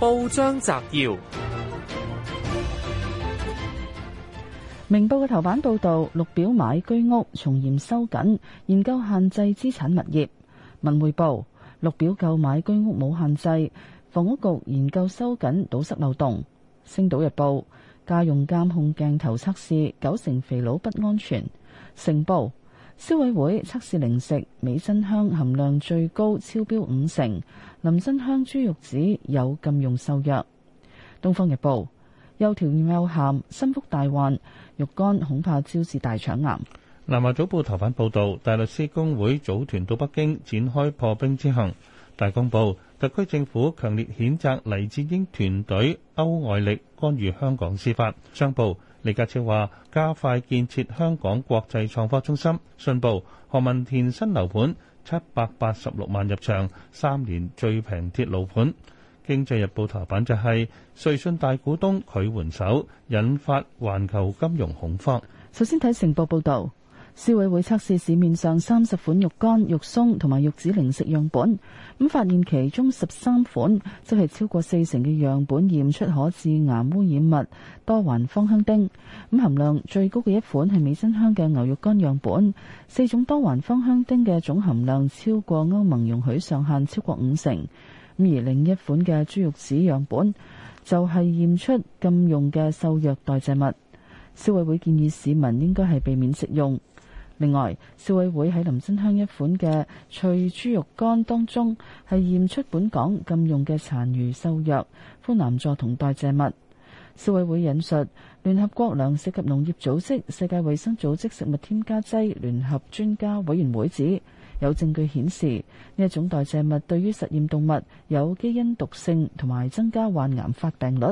報章摘要：明報嘅頭版報道，綠表買居屋從嚴收緊，研究限制資產物業。文匯報：綠表購買居屋冇限制，房屋局研究收緊堵塞漏洞。星島日報：家用監控鏡頭測試，九成肥佬不安全。成報。消委會測試零食，美珍香含量最高超標五成。林珍香豬肉指有禁用獸藥。東方日報又跳又鹹、心腹大患，肉乾恐怕招致大腸癌。南華早報頭版報道，大律師公會組團到北京展開破冰之行。大公報特區政府強烈譴責黎智英團隊歐外力干預香港司法。商報李家超話加快建設香港國際創科中心。信報：何文田新樓盤七百八十六萬入場，三年最平鐵路盤。經濟日報頭版就係、是、瑞信大股東拒援手，引發環球金融恐慌。首先睇成報報道。消委會測試市面上三十款肉乾、肉鬆同埋肉紙零食樣本，咁發現其中十三款即係、就是、超過四成嘅樣本驗出可致癌污染物多環芳香烴，咁含量最高嘅一款係美珍香嘅牛肉乾樣本，四種多環芳香烴嘅總含量超過歐盟容許上限超過五成，咁而另一款嘅豬肉紙樣本就係、是、驗出禁用嘅獸藥代謝物。消委會建議市民應該係避免食用。另外，消委會喺林真香一款嘅脆豬肉乾當中，係驗出本港禁用嘅殘餘獸藥、呋喃唑同代謝物。消委會引述聯合國糧食及農業組織世界衛生組織食物添加劑聯合專家委員會指，有證據顯示呢一種代謝物對於實驗動物有基因毒性，同埋增加患癌發病率。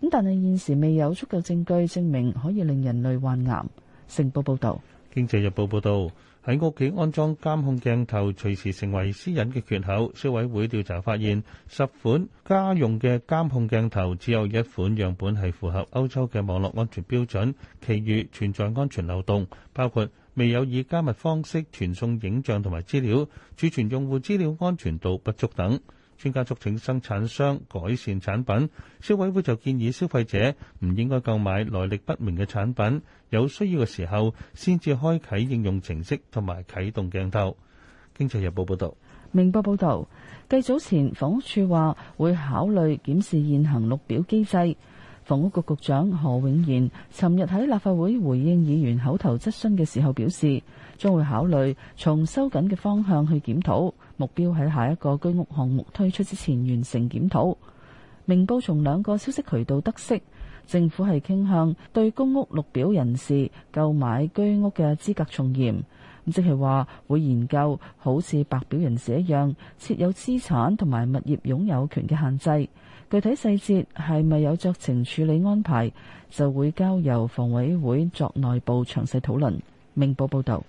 咁但係現時未有足夠證據證明可以令人類患癌。成報報道。經濟日報報導，喺屋企安裝監控鏡頭隨時成為私隱嘅缺口。消委會調查發現，十款家用嘅監控鏡頭只有一款樣本係符合歐洲嘅網絡安全標準，其餘存在安全漏洞，包括未有以加密方式傳送影像同埋資料、儲存用戶資料安全度不足等。專家促請生產商改善產品，消委會就建議消費者唔應該購買來歷不明嘅產品，有需要嘅時候先至開啟應用程式同埋啟動鏡頭。經濟日報報道。明報報道，繼早前房屋署話會考慮檢視現行錄表機制。房屋局局長何永賢尋日喺立法會回應議員口頭質詢嘅時候表示，將會考慮從收緊嘅方向去檢討，目標喺下一個居屋項目推出之前完成檢討。明報從兩個消息渠道得悉，政府係傾向對公屋綠表人士購買居屋嘅資格從嚴。咁即係話會研究好似白表人士一樣設有資產同埋物業擁有權嘅限制，具體細節係咪有酌情處理安排，就會交由房委會作內部詳細討論。明報報導，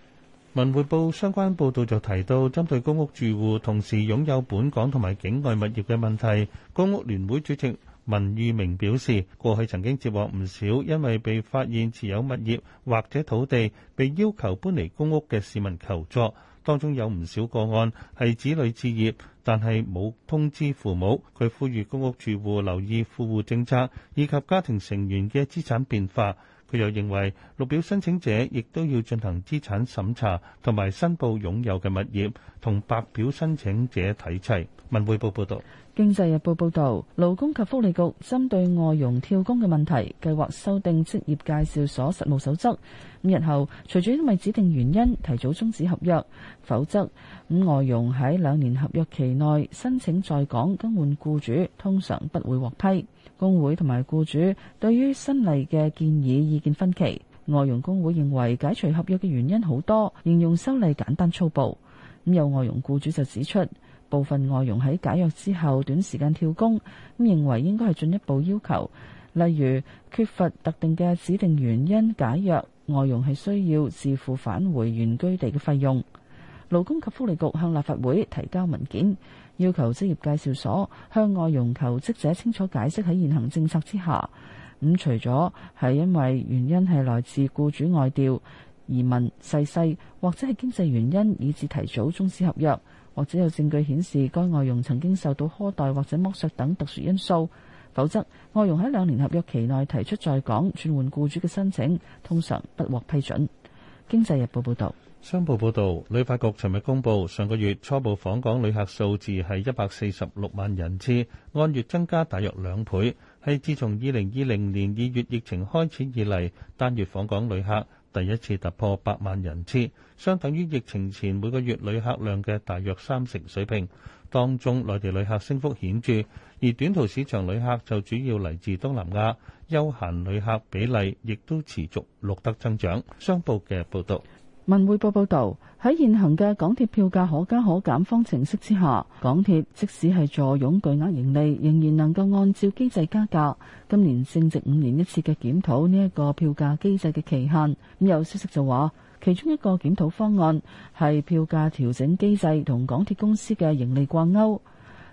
文匯報相關報導就提到，針對公屋住戶同時擁有本港同埋境外物業嘅問題，公屋聯會主席。文裕明表示，過去曾經接獲唔少因為被發現持有物業或者土地，被要求搬離公屋嘅市民求助，當中有唔少個案係子女置業，但係冇通知父母。佢呼籲公屋住戶留意富戶政策以及家庭成員嘅資產變化。佢又認為綠表申請者亦都要進行資產審查，同埋申報擁有嘅物業同白表申請者睇齊。文匯報報道。經濟日報報導，勞工及福利局針對外佣跳工嘅問題，計劃修訂職業介紹所實務守則。咁日後，除咗因為指定原因提早終止合約，否則咁外佣喺兩年合約期內申請在港更換僱主，通常不會獲批。工會同埋僱主對於新例嘅建議意見分歧。外佣工會認為解除合約嘅原因好多，形容修例簡單粗暴。咁有外佣僱主就指出。部分外傭喺解約之後短時間跳工，咁認為應該係進一步要求，例如缺乏特定嘅指定原因解約，外傭係需要自付返回原居地嘅費用。勞工及福利局向立法會提交文件，要求職業介紹所向外傭求職者清楚解釋喺現行政策之下，咁、嗯、除咗係因為原因係來自雇主外調、移民、逝世或者係經濟原因，以致提早終止合約。或者有證據顯示該外傭曾經受到苛待或者剝削等特殊因素，否則外傭喺兩年合約期內提出在港轉換雇主嘅申請，通常不獲批准。經濟日報報道，商報報道，旅發局尋日公布上個月初步訪港旅客數字係一百四十六萬人次，按月增加大約兩倍，係自從二零二零年二月疫情開始以嚟單月訪港旅客第一次突破百萬人次，相等於疫情前每個月旅客量嘅大約三成水平。當中內地旅客升幅顯著，而短途市場旅客就主要嚟自東南亞，休閒旅客比例亦都持續錄得增長，商報嘅報道。文匯報報道，喺現行嘅港鐵票價可加可減方程式之下，港鐵即使係坐擁巨額盈利，仍然能夠按照機制加價。今年正值五年一次嘅檢討呢一個票價機制嘅期限，咁有消息就話，其中一個檢討方案係票價調整機制同港鐵公司嘅盈利掛鈎。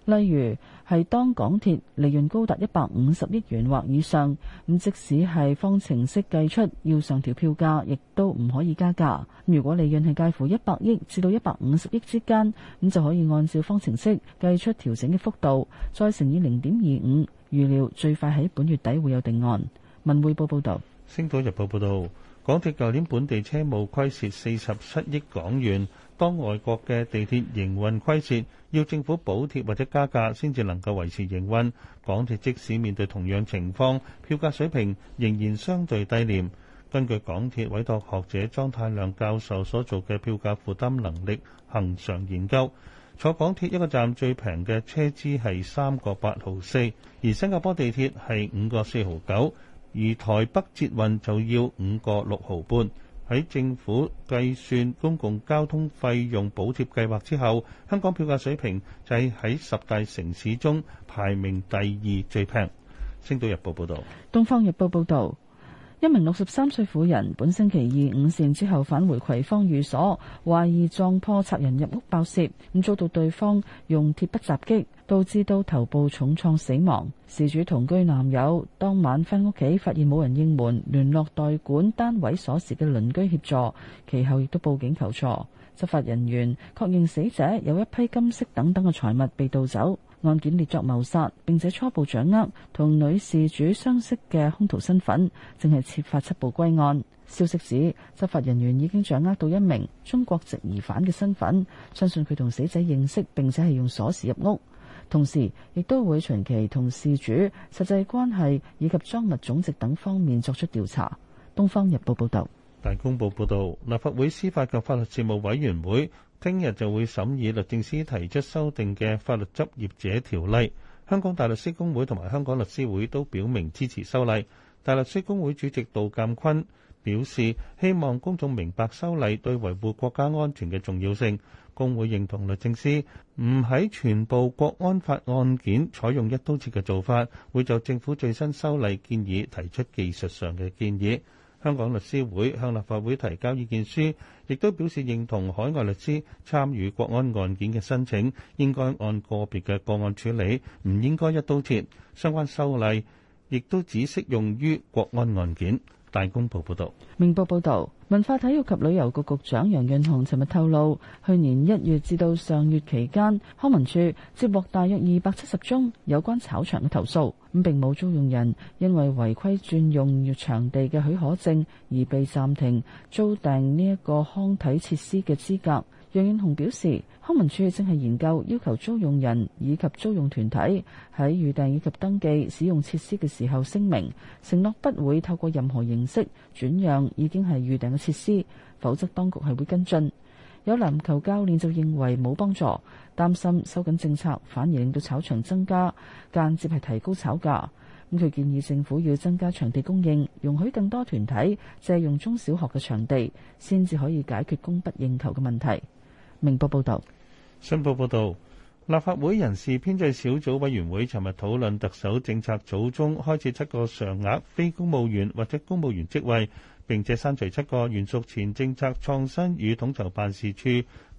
例如係當港鐵利潤高達一百五十億元或以上，咁即使係方程式計出要上調票價，亦都唔可以加價。咁如果利潤係介乎一百億至到一百五十億之間，咁就可以按照方程式計出調整嘅幅度，再乘以零點二五。預料最快喺本月底會有定案。文匯報報道，《星島日報》報道，港鐵舊年本地車務虧蝕四十七億港元。當外國嘅地鐵營運虧蝕，要政府補貼或者加價先至能夠維持營運。港鐵即使面對同樣情況，票價水平仍然相對低廉。根據港鐵委託學者莊太亮教授所做嘅票價負擔能力恆常研究，坐港鐵一個站最平嘅車資係三個八毫四，而新加坡地鐵係五個四毫九，而台北捷運就要五個六毫半。喺政府計算公共交通費用補貼計劃之後，香港票價水平就係喺十大城市中排名第二最平。星島日報報道：「東方日報報道，一名六十三歲婦人本星期二午膳之後返回葵芳寓所，懷疑撞破賊人入屋爆竊，咁遭到對方用鐵筆襲擊。導致到頭部重創死亡。事主同居男友當晚返屋企，發現冇人應門，聯絡代管單位鎖匙嘅鄰居協助，其後亦都報警求助。執法人員確認死者有一批金飾等等嘅財物被盜走，案件列作謀殺。並且初步掌握同女事主相識嘅兇徒身份，正係設法緝捕歸案。消息指執法人員已經掌握到一名中國籍疑犯嘅身份，相信佢同死者認識並且係用鎖匙入屋。同時，亦都會長期同事主實際關係以及贓物總值等方面作出調查。《東方日報》報道：「大公報報道，立法會司法及法律事務委員會聽日就會審議律政司提出修訂嘅法律執業者條例。香港大律師公會同埋香港律師會都表明支持修例。大律師公會主席杜鑑坤。表示希望公眾明白修例對維護國家安全嘅重要性。公會認同律政司唔喺全部國安法案件採用一刀切嘅做法，會就政府最新修例建議提出技術上嘅建議，香港律師會向立法會提交意見書，亦都表示認同海外律師參與國安案件嘅申請應該按個別嘅個案處理，唔應該一刀切。相關修例亦都只適用於國安案件。大公報報道，明報報道，文化體育及旅遊局局長楊潤雄尋日透露，去年一月至到上月期間，康文署接獲大約二百七十宗有關炒場嘅投訴，咁並冇租用人因為違規佔用場地嘅許可證而被暫停租訂呢一個康體設施嘅資格。楊永紅表示，康文署正係研究要求租用人以及租用團體喺預訂以及登記使用設施嘅時候，聲明承諾不會透過任何形式轉讓已經係預訂嘅設施，否則當局係會跟進。有籃球教練就認為冇幫助，擔心收緊政策反而令到炒場增加，間接係提高炒價，咁佢建議政府要增加場地供應，容許更多團體借用中小學嘅場地，先至可以解決供不應求嘅問題。明報報導，新報報道：立法會人事編制小組委員會尋日討論特首政策組中開設七個常額非公務員或者公務員職位，並且刪除七個原屬前政策創新與統籌辦事處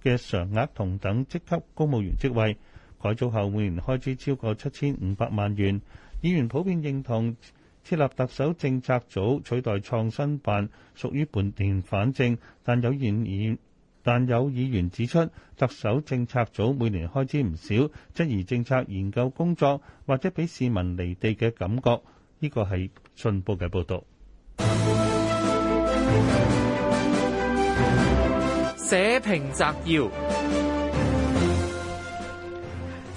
嘅常額同等職級公務員職位。改組後每年開支超過七千五百萬元。議員普遍認同設立特首政策組取代創新辦屬於撥亂反正，但有言以。但有議員指出，特首政策組每年開支唔少，質疑政策研究工作或者俾市民離地嘅感覺。呢個係信報嘅報導，寫評摘要。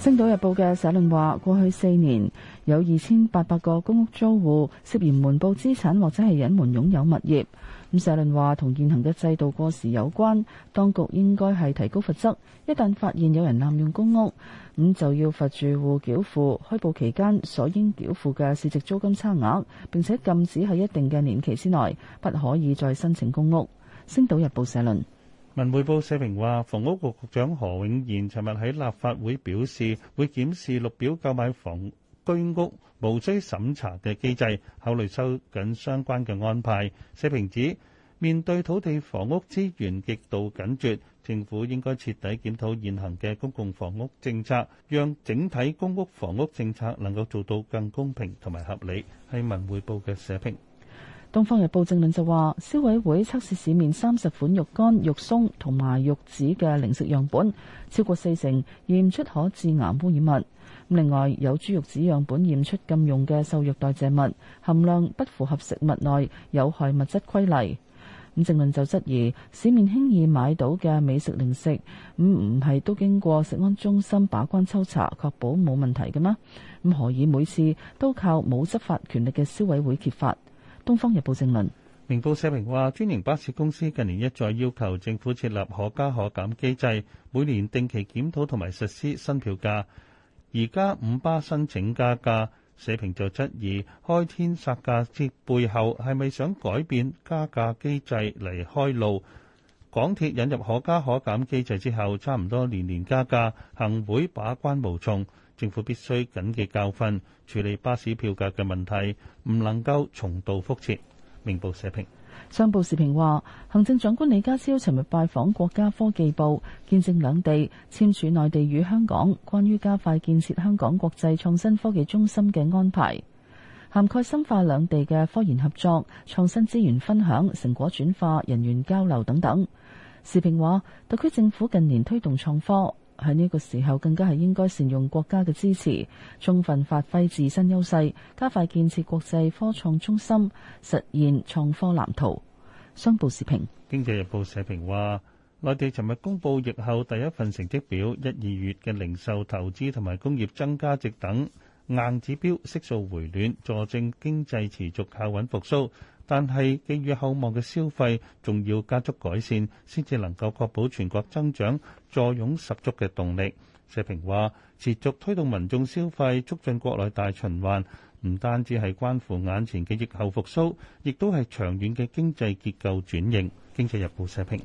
《星島日報》嘅社論話，過去四年有二千八百個公屋租戶涉嫌瞞報資產或者係隱瞞擁有物業。咁社論話，同現行嘅制度過時有關，當局應該係提高罰則，一旦發現有人濫用公屋，咁就要罰住戶繳付開埠期間所應繳付嘅市值租金差額，並且禁止喺一定嘅年期之內不可以再申請公屋。《星島日報》社論。文匯報社評話，房屋局局長何永賢尋日喺立法會表示會檢視綠表購買房居屋無需審查嘅機制，考慮收緊相關嘅安排。社評指面對土地房屋資源極度緊缺，政府應該徹底檢討現行嘅公共房屋政策，讓整體公屋房屋政策能夠做到更公平同埋合理。係文匯報嘅社評。《東方日報》政論就話，消委會測試市面三十款肉乾、肉鬆同埋肉紙嘅零食樣本，超過四成驗出可致癌污染物。另外有豬肉紙樣本驗出禁用嘅瘦肉代謝物，含量不符合食物內有害物質規例。咁政論就質疑市面輕易買到嘅美食零食，咁唔係都經過食安中心把關抽查，確保冇問題嘅咩？咁何以每次都靠冇執法權力嘅消委會揭發？《東方日報》正文：明報社評話，專營巴士公司近年一再要求政府設立可加可減機制，每年定期檢討同埋實施新票價。而家五巴申請加價，社評就質疑開天殺價之背後係咪想改變加價機制嚟開路？港鐵引入可加可減機制之後，差唔多年年加價，行會把關無從。政府必須緊記教訓，處理巴士票價嘅問題，唔能夠重蹈覆轍。明報社評。商報社評話，行政長官李家超尋日拜訪國家科技部，見證兩地簽署內地與香港關於加快建設香港國際創新科技中心嘅安排。涵蓋深化兩地嘅科研合作、創新資源分享、成果轉化、人員交流等等。時評話，特區政府近年推動創科，喺呢個時候更加係應該善用國家嘅支持，充分發揮自身優勢，加快建設國際科創中心，實現創科藍圖。商報時評，經濟日報社評話，內地尋日公布疫後第一份成績表，一二月嘅零售投資同埋工業增加值等。硬指標悉數回暖，助正經濟持續靠穩復甦。但係，寄予厚望嘅消費仲要加速改善，先至能夠確保全國增長，坐擁十足嘅動力。社評話：持續推動民眾消費，促進國內大循環，唔單止係關乎眼前嘅疫後復甦，亦都係長遠嘅經濟結構轉型。經濟日報社評。